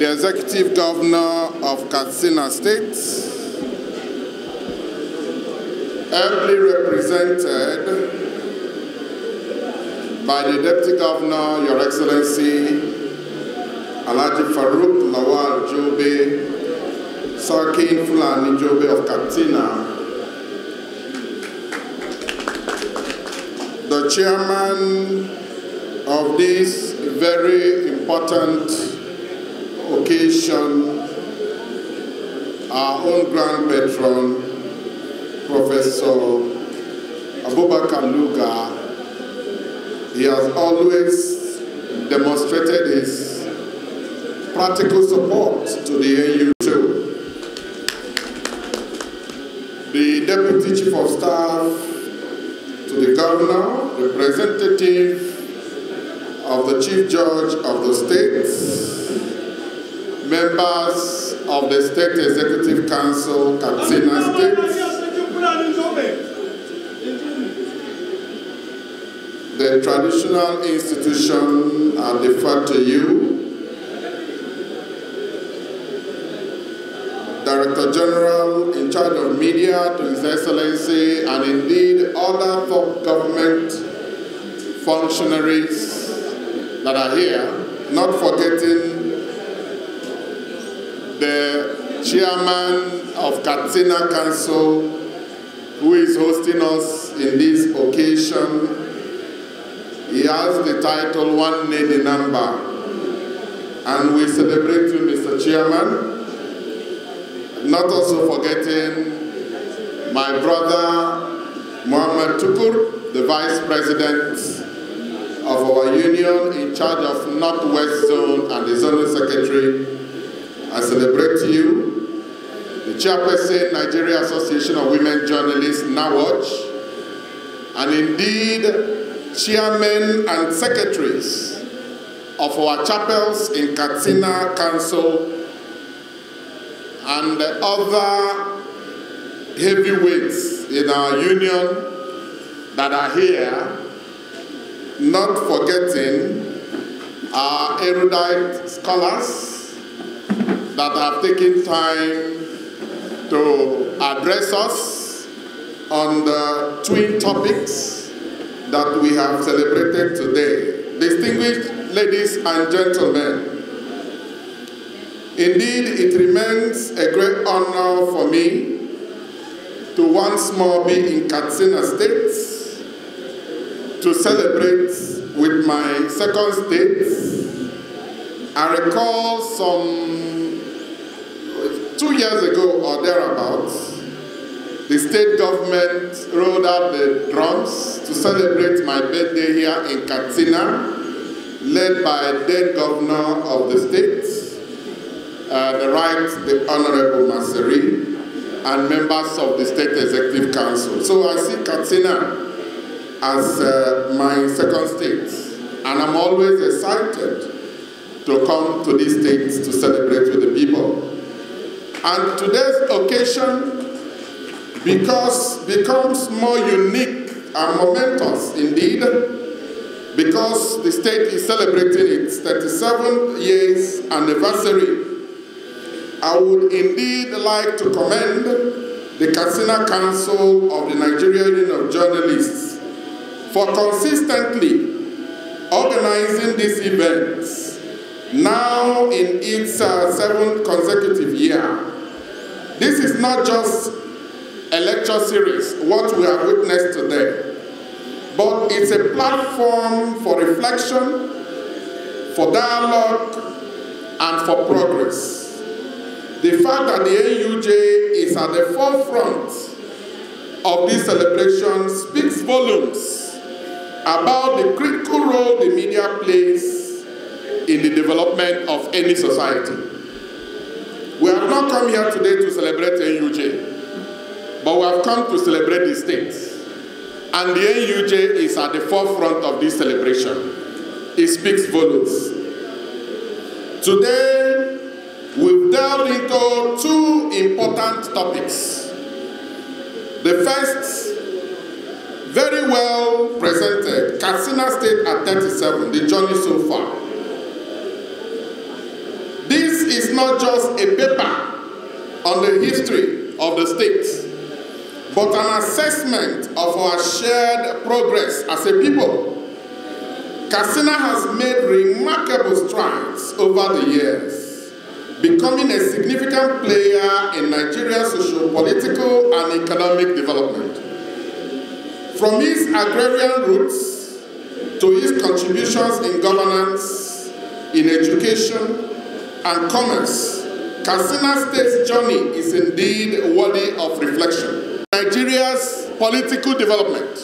the Executive Governor of Katsina State, ably represented by the Deputy Governor, Your Excellency, Alaji Farouk Lawal Jobe, Sarkin Fulani Jobe of Katsina, the chairman of this very important our own grand patron, Professor Abubakar Luga, he has always demonstrated his practical support to the AU2. The Deputy Chief of Staff to the Governor, representative of the Chief Judge of the State, members of the State Executive Council, Katsina State, the traditional institution I defer to you. Director General in charge of media, to His Excellency, and indeed other top government functionaries that are here, not forgetting the chairman of Katsina Council, who is hosting us in this occasion. He has the title One Lady Number. And we celebrate you, Mr. Chairman. Not also forgetting my brother, Muhammad Tukur, the Vice President of our union in charge of Northwest Zone and the Zone Secretary I celebrate you, the chairperson, Nigeria Association of Women Journalists, NAWAJ, and indeed, chairmen and secretaries of our chapels in Katsina Council and the other heavyweights in our union that are here, not forgetting our erudite scholars, that have taken time to address us on the twin topics that we have celebrated today. Distinguished ladies and gentlemen, indeed it remains a great honor for me to once more be in Katsina State to celebrate with my second state. I recall some two years ago or thereabouts, the state government rolled out the drums to celebrate my birthday here in Katsina, led by then governor of the state, uh, the right, the Honorable Maseri, and members of the State Executive Council. So I see Katsina as uh, my second state, and I'm always excited to come to these states to celebrate with the people. And today's occasion because, becomes more unique and momentous indeed because the state is celebrating its 37th years anniversary. I would indeed like to commend the Katsina Council of the Nigeria Union of Journalists for consistently organizing these events now in its uh, seventh consecutive year. This is not just a lecture series, what we have witnessed today, but it's a platform for reflection, for dialogue, and for progress. The fact that the AUJ is at the forefront of this celebration speaks volumes about the critical role the media plays in the development of any society. we have not come here today to celebrate NUJ, but we have come to celebrate the state. And the NUJ is at the forefront of this celebration. It speaks volumes. Today, we've delved into two important topics. The first, very well presented, Katsina State at 37, the journey so far. not just a paper on the history of the state, but an assessment of our shared progress as a people. Kasina has made remarkable strides over the years, becoming a significant player in Nigeria's social, political and economic development. From his agrarian roots to his contributions in governance, in education, and commerce, Katsina State's journey is indeed worthy of reflection. Nigeria's political development,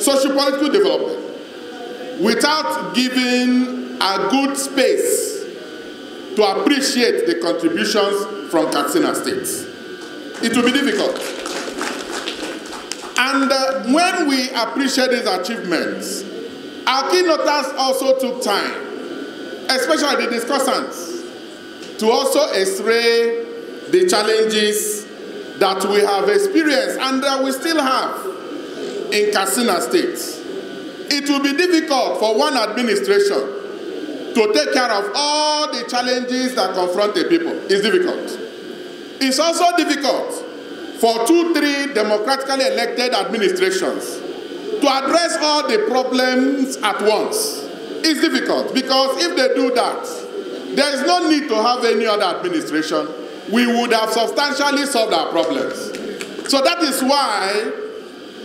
social political development, without giving a good space to appreciate the contributions from Katsina State, it will be difficult. And uh, when we appreciate these achievements, our keynoters also took time, especially the discussants, to also explain the challenges that we have experienced and that we still have in Katsina State. It will be difficult for one administration to take care of all the challenges that confront the people. It's difficult. It's also difficult for two, three democratically elected administrations to address all the problems at once. It's difficult because if they do that, There is no need to have any other administration. We would have substantially solved our problems. So that is why,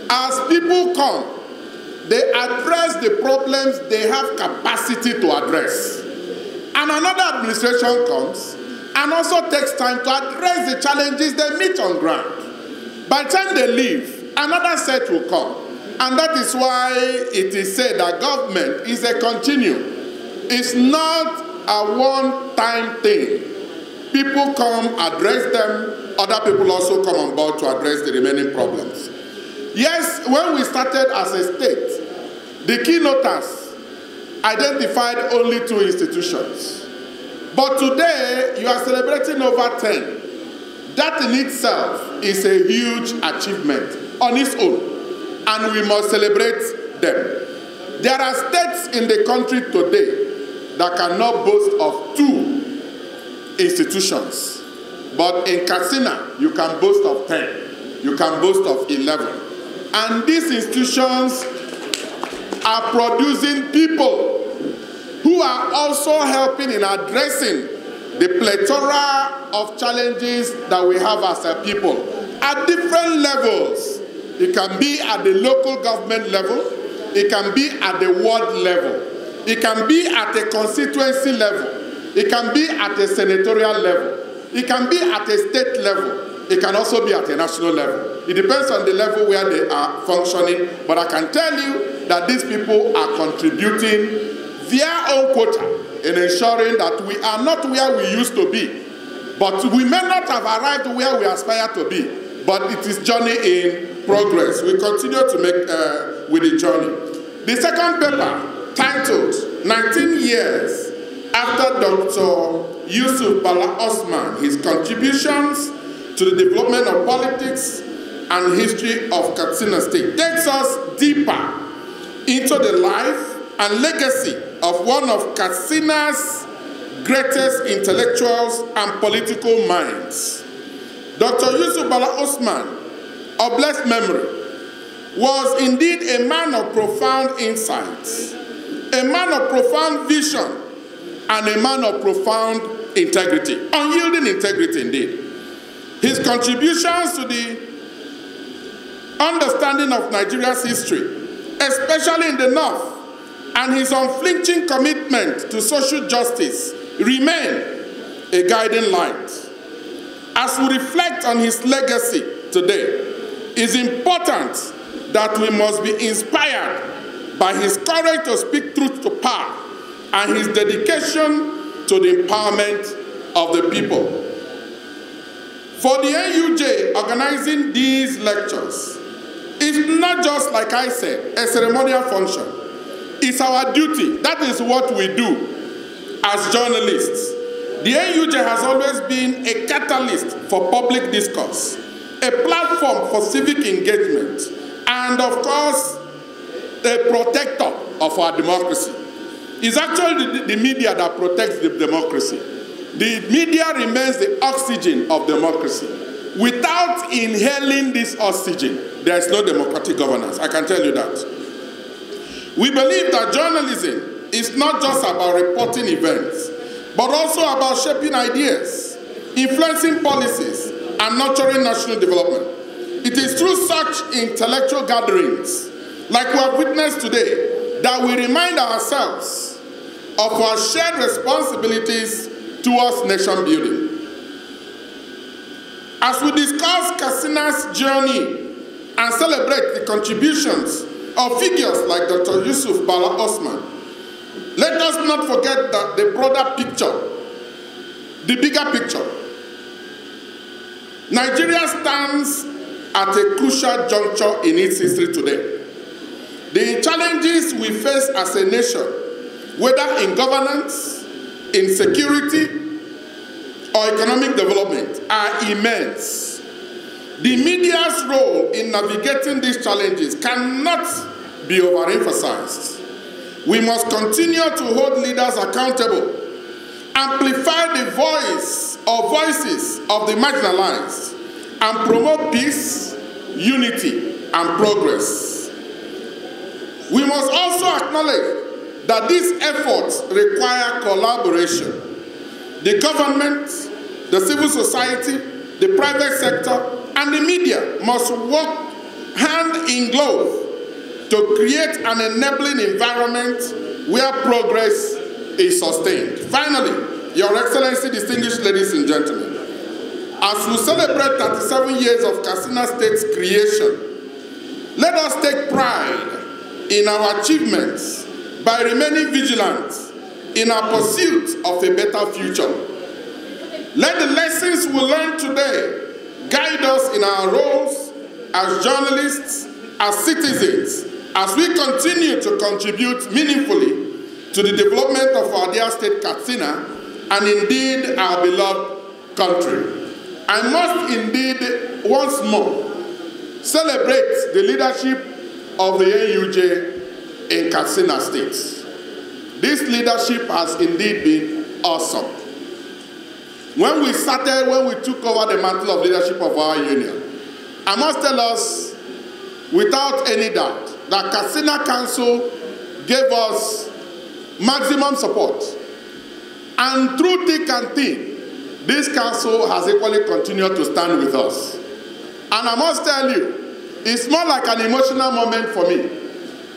as people come, they address the problems they have capacity to address. And another administration comes and also takes time to address the challenges they meet on ground. By the time they leave, another set will come. And that is why it is said that government is a continuum. It's not a one time thing. People come, address them, other people also come on board to address the remaining problems. Yes, when we started as a state, the keynoters identified only two institutions. But today, you are celebrating over 10. That in itself is a huge achievement on its own, and we must celebrate them. There are states in the country today that cannot boast of two institutions. But in Katsina, you can boast of 10, you can boast of 11. And these institutions are producing people who are also helping in addressing the plethora of challenges that we have as a people at different levels. It can be at the local government level, it can be at the world level. It can be at a constituency level. It can be at a senatorial level. It can be at a state level. It can also be at a national level. It depends on the level where they are functioning. But I can tell you that these people are contributing their own quota in ensuring that we are not where we used to be. But we may not have arrived where we aspire to be. But it is journey in progress. We continue to make uh, with the journey. The second paper titled 19 Years After Dr. Yusuf Bala Osman, His Contributions to the Development of Politics and History of Katsina State, takes us deeper into the life and legacy of one of Katsina's greatest intellectuals and political minds. Dr. Yusuf Bala Osman, of blessed memory, was indeed a man of profound insights a man of profound vision and a man of profound integrity, unyielding integrity indeed. His contributions to the understanding of Nigeria's history, especially in the North, and his unflinching commitment to social justice remain a guiding light. As we reflect on his legacy today, it's important that we must be inspired by his courage to speak truth to power and his dedication to the empowerment of the people. For the NUJ organizing these lectures, it's not just, like I said, a ceremonial function. It's our duty. That is what we do as journalists. The NUJ has always been a catalyst for public discourse, a platform for civic engagement, and of course, a protector of our democracy. It's actually the, the media that protects the democracy. The media remains the oxygen of democracy. Without inhaling this oxygen, there is no democratic governance. I can tell you that. We believe that journalism is not just about reporting events, but also about shaping ideas, influencing policies, and nurturing national development. It is through such intellectual gatherings like we have witnessed today, that we remind ourselves of our shared responsibilities towards nation building. As we discuss Kasina's journey and celebrate the contributions of figures like Dr. Yusuf Bala Osman, let us not forget that the broader picture, the bigger picture. Nigeria stands at a crucial juncture in its history today. The challenges we face as a nation, whether in governance, in security, or economic development, are immense. The media's role in navigating these challenges cannot be overemphasized. We must continue to hold leaders accountable, amplify the voice or voices of the marginalized, and promote peace, unity, and progress. We must also acknowledge that these efforts require collaboration. The government, the civil society, the private sector, and the media must work hand in glove to create an enabling environment where progress is sustained. Finally, Your Excellency, distinguished ladies and gentlemen, as we celebrate 37 years of Casina State's creation, let us take pride in our achievements by remaining vigilant in our pursuit of a better future. Let the lessons we learn today guide us in our roles as journalists, as citizens, as we continue to contribute meaningfully to the development of our dear state Katsina and indeed our beloved country. I must indeed once more celebrate the leadership of the NUJ in Katsina State. This leadership has indeed been awesome. When we started, when we took over the mantle of leadership of our union, I must tell us without any doubt that Katsina Council gave us maximum support. And through thick and thin, this council has equally continued to stand with us. And I must tell you, It's more like an emotional moment for me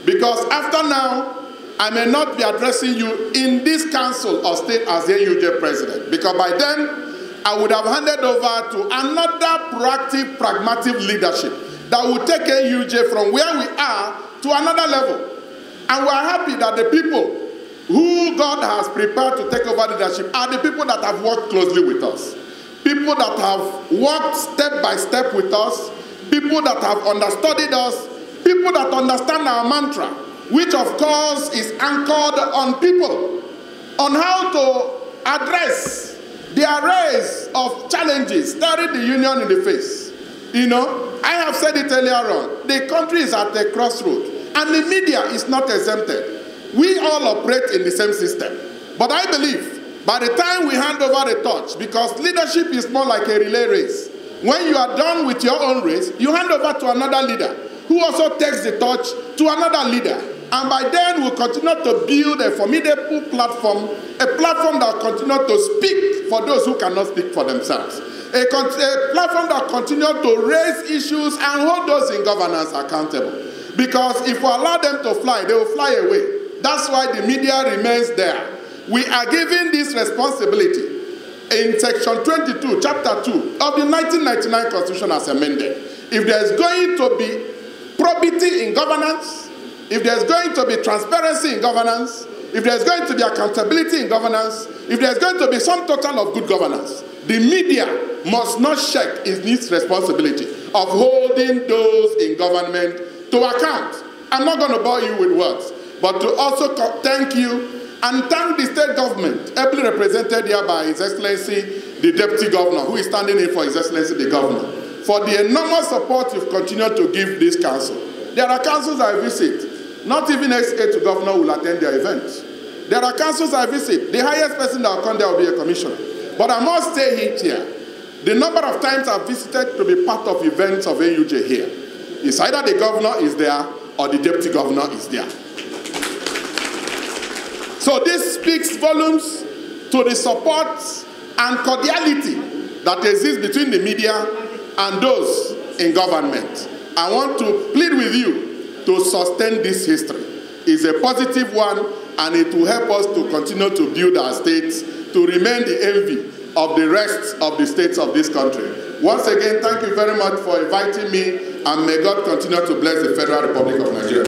because after now, I may not be addressing you in this council of state as the AUJ president because by then I would have handed over to another proactive, pragmatic leadership that will take AUJ from where we are to another level. And we are happy that the people who God has prepared to take over leadership are the people that have worked closely with us, people that have worked step by step with us, people that have understudied us, people that understand our mantra, which of course is anchored on people, on how to address the arrays of challenges staring the union in the face. You know, I have said it earlier on, the country is at a crossroad, and the media is not exempted. We all operate in the same system. But I believe by the time we hand over the torch, because leadership is more like a relay race, When you are done with your own race, you hand over to another leader who also takes the torch to another leader. And by then, we'll continue to build a formidable platform, a platform that continues to speak for those who cannot speak for themselves, a, a platform that continues to raise issues and hold those in governance accountable. Because if we allow them to fly, they will fly away. That's why the media remains there. We are given this responsibility in section 22, chapter 2 of the 1999 Constitution as amended, if there is going to be probity in governance, if there is going to be transparency in governance, if there is going to be accountability in governance, if there is going to be some total of good governance, the media must not shirk its responsibility of holding those in government to account. I'm not going to bore you with words, but to also thank you and thank the state government, ably represented here by His Excellency the Deputy Governor, who is standing in for His Excellency the Governor, for the enormous support you've continued to give this council. There are councils I visit, not even ex to governor will attend their events. There are councils I visit, the highest person that will come there will be a commissioner. But I must say it here, the number of times I've visited to be part of events of AUJ here, is either the governor is there or the deputy governor is there. So this speaks volumes to the support and cordiality that exists between the media and those in government. I want to plead with you to sustain this history. It's a positive one and it will help us to continue to build our states to remain the envy of the rest of the states of this country. Once again, thank you very much for inviting me and may God continue to bless the Federal Republic of Nigeria.